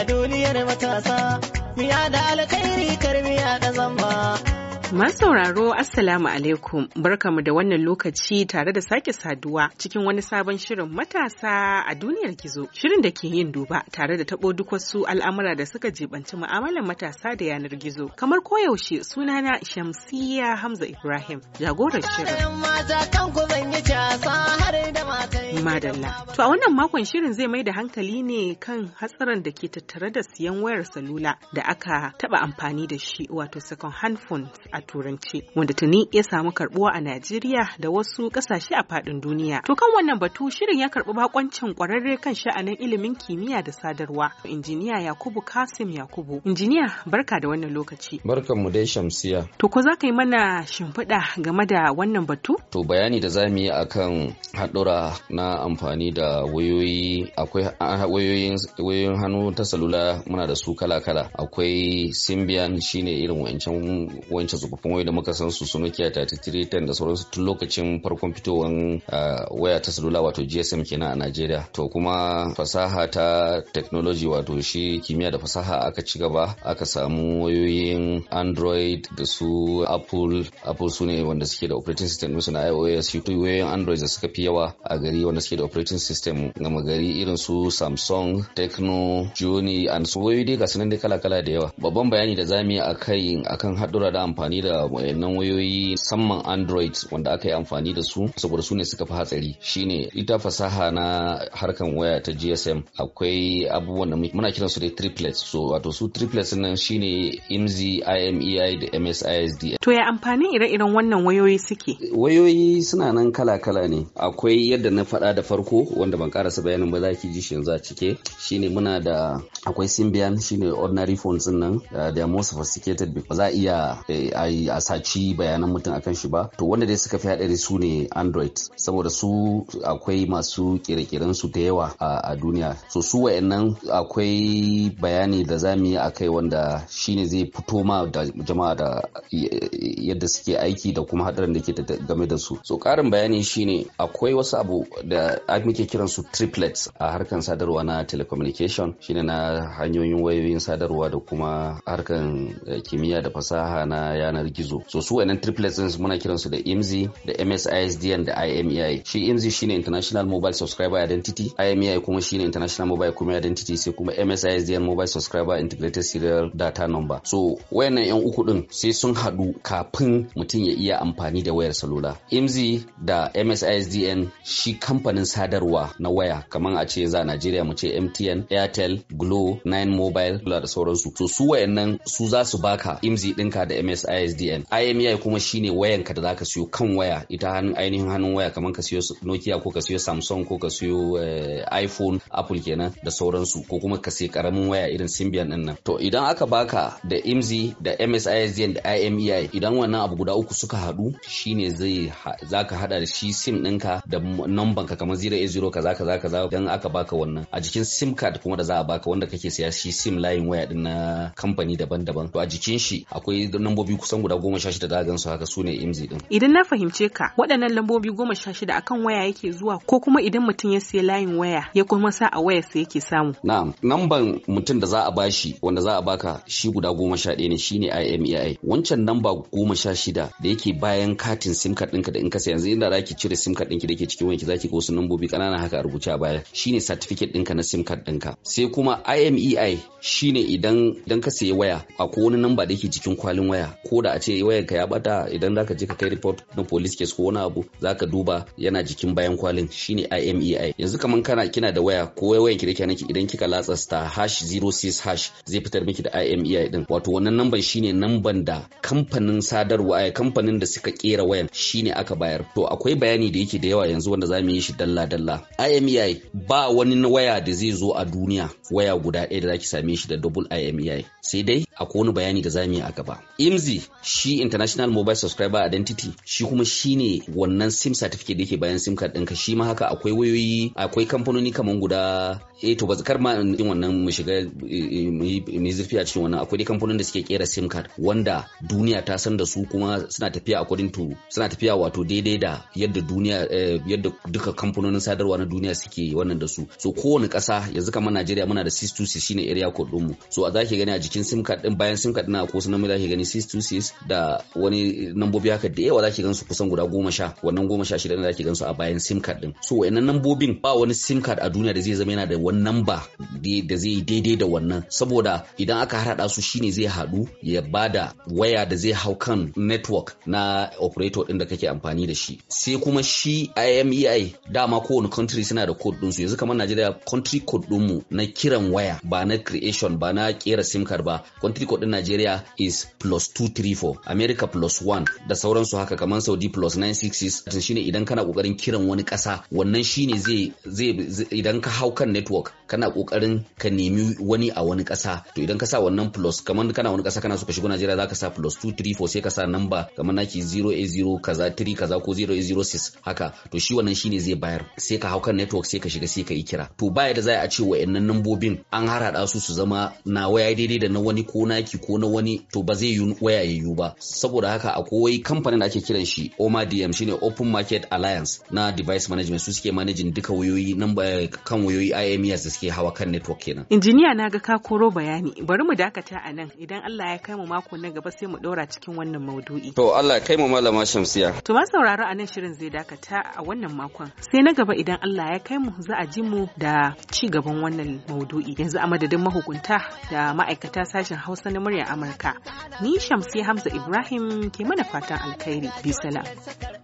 a duniyar matasa miya da alkhairi karmiya da zamba sauraro Assalamu alaikum barkamu da wannan lokaci tare da sake saduwa cikin wani sabon shirin matasa a duniyar gizo shirin da ke yin duba tare da tabo duk wasu al'amura da suka jibanci mu'amalar matasa da yanar gizo kamar koyaushe sunana Shamsiya Hamza Ibrahim jagorar shirin. Madalla. To a wannan makon shirin zai mai da hankali ne kan hatsarin da ke tattare da siyan wayar salula da aka taba amfani da shi wato second hand phones a a turance wanda tuni ya samu karbuwa a Najeriya da wasu kasashe a fadin duniya. To kan wannan batu shirin ya karbi bakoncin kwararre kan sha'anin ilimin kimiyya da sadarwa injiniya Yakubu Kasim Yakubu. Injiniya barka da wannan lokaci. Barkan mu dai Shamsiya. To ko za ka yi mana shimfiɗa game da wannan batu? To bayani da za mu yi akan haɗura na amfani da wayoyi akwai ah, wayoyin hannu ta salula muna da su kala-kala akwai symbian shine irin wancan wancan tsofaffin wayoyi da muka san su su Nokia 3310 da sauransu tun lokacin farkon fitowar waya ta salula wato GSM kenan a Najeriya to kuma fasaha ta technology wato shi kimiyya da fasaha aka ci gaba aka samu wayoyin Android da su Apple Apple su ne wanda suke da operating system su na iOS shi wayoyin Android da suka fi yawa a gari wanda suke da operating system gama gari irin su Samsung Tecno juni and su wayoyi dai ga sunan kala-kala da yawa babban bayani da zamu yi a kai akan haɗura da amfani da wayannan wayoyi musamman android wanda aka yi amfani da su saboda su ne suka fi hatsari shine ita fasaha na harkan waya ta gsm akwai abubuwan da muna kiransu da triplets so wato su triplets nan shine imzi imei da msisd to ya amfani ire-iren wannan wayoyi suke wayoyi suna nan kala-kala ne akwai yadda na faɗa da farko wanda ban karasa bayanin ba za ki ji shi yanzu a cike shine muna da akwai symbian shine ordinary phones nan da uh, most sophisticated ba za a iya a eh, yi a saci bayanan mutum akan shi ba to wanda dai suka fi haɗari su ne android saboda su akwai masu kire su da yawa a duniya so su wa'annan akwai bayani da za mu yi a kai wanda shine zai fito ma da jama'a da yadda suke aiki da kuma haɗarin da ke game da su so ƙarin bayani shine akwai wasu abu da muke kiran su triplets a harkan sadarwa na telecommunication shine na hanyoyin wayoyin sadarwa da kuma harkan eh, kimiyya da fasaha na ya yanar gizo so su wayannan triplets din muna kiransu da IMSI da MSISDN da IMEI e shi IMSI shine International Mobile Subscriber Identity IMEI e kuma shine International Mobile Community Identity sai kuma MSISDN Mobile Subscriber Integrated Serial Data Number so wayannan yan uku din sai sun hadu kafin mutum ya iya amfani da wayar salula IMSI da MSISDN shi kamfanin sadarwa na waya kamar a ce za Najeriya mu ce MTN Airtel Glo Nine Mobile da sauransu so su wayannan su za su baka IMSI dinka da MSI ISDN IMEI kuma shine wayan ka da ka siyo kan waya ita hannun ainihin hannun waya kamar ka siyo Nokia ko ka siyo Samsung ko ka siyo eh, iPhone Apple kenan da sauransu ko kuma ka siyo karamin waya irin Symbian din nan to idan aka baka da IMSI da MSISDN da IMEI e idan wannan abu guda uku suka haɗu shine zai zaka hada da shi SIM ɗinka da number ka kamar 080 kaza kaza kaza idan aka baka wannan a jikin SIM card kuma da za a baka wanda kake siya shi SIM layin waya din na kamfani daban-daban to a jikin shi akwai nambobi kusa kusan guda goma sha shida da a gansu haka su ne imzi din idan na fahimce ka waɗannan lambobi goma sha shida akan waya yake zuwa ko kuma idan mutum ya siya layin waya ya kuma sa a waya sa yake samu na'am namban mutum da za a bashi wanda za a baka shi guda goma sha ɗaya ne shine IMEI wancan namba goma sha shida da yake bayan katin sim card ɗinka da in ka sai yanzu inda zaki cire sim card ɗinki da yake cikin wanki zaki ga wasu lambobi ƙanana haka a rubuce a baya shine certificate ɗinka na sim card ɗinka sai kuma IMEI shine idan idan ka sayi waya akwai wani namba da yake jikin kwalin waya ko ko da a ce wayar ka ya bata idan zaka je ka kai report na police case ko wani abu zaka duba yana jikin bayan kwalin shine IMEI e yanzu kamar kana kina da waya ko wayan ki da kenan idan kika latsa star hash 06 hash zai fitar miki da IMEI e din wato wannan number shine number da kamfanin sadarwa ai eh, kamfanin da suka kera wayan shine aka bayar to akwai bayani da yake da yawa yanzu wanda zamu yi shi dalla dalla IMEI e ba wani waya da zai zo a duniya waya guda ɗaya da zaki same shi da double IMEI sai dai akwai wani bayani da za mu yi a gaba imzi shi international mobile subscriber identity shi kuma shine wannan sim certificate da yake bayan sim card ɗinka shi ma haka akwai wayoyi akwai kamfanoni kamar guda eh to ba zakar ma din wannan mu shiga eh, mu zurfi a cikin wannan akwai dai kamfanonin da suke kera sim card wanda duniya ta san da su kuma suna tafiya according to suna tafiya wato daidai da yadda duniya eh, yadda duka kamfanonin sadarwa na duniya suke wannan da su so kowane kasa yanzu kamar Najeriya muna da 626 shine area code ɗinmu so a zaki gani a jikin sim card din bayan sim card na ko sunan mu zaki gani 626 emojis da wani nambobi haka da yawa zaki gansu kusan guda goma sha wannan goma sha shida zaki gansu a bayan sim card din so wayannan nambobin ba wani sim card a duniya da zai zama yana da wani namba da zai yi daidai da wannan saboda idan aka harada su shine zai haɗu ya bada waya da zai hau kan network na operator din da kake amfani da shi sai kuma shi IMEI e dama kowane country suna da code din su yanzu kamar Najeriya country code din mu na kiran waya ba na creation ba na kera sim card ba country code din Najeriya is plus 23 34 america plus 1 da sauransu haka kamar saudi plus shi shine idan kana kokarin kiran wani kasa wannan shine zai zai idan ka hau kan network kana kokarin ka nemi wani a wani kasa to idan ka sa wannan plus kamar kana wani kasa kana so ka shigo najeriya za ka sa plus 234 sai ka sa namba kamar naki 080 kaza 3 kaza ko 0806 haka to shi wannan shine zai bayar sai ka hau kan network sai ka shiga sai ka yi kira to baya da za a ce yannan nambobin an harada su su zama na waya daidai da na wani ko naki ko na wani to ba zai yi waya ya yiwu ba saboda haka akwai kamfanin da ake kiran shi Oma DM shine Open Market Alliance na device management su suke manajin duka wayoyi nan kan wayoyi IMES da suke hawa kan network kenan injiniya na ga ka koro bayani bari mu dakata a nan idan Allah ya kai mu mako na gaba sai mu ɗora cikin wannan maudu'i to Allah ya kai mu malama Shamsiya to ma sauraro a nan shirin zai dakata a wannan makon sai na gaba idan Allah ya kai mu za a ji mu da ci gaban wannan maudu'i yanzu a madadin mahukunta da ma'aikata sashen Hausa na muryar Amurka ni Shamsiya Hamza Ibrahim ke mana fatan alkhairi. Bisala.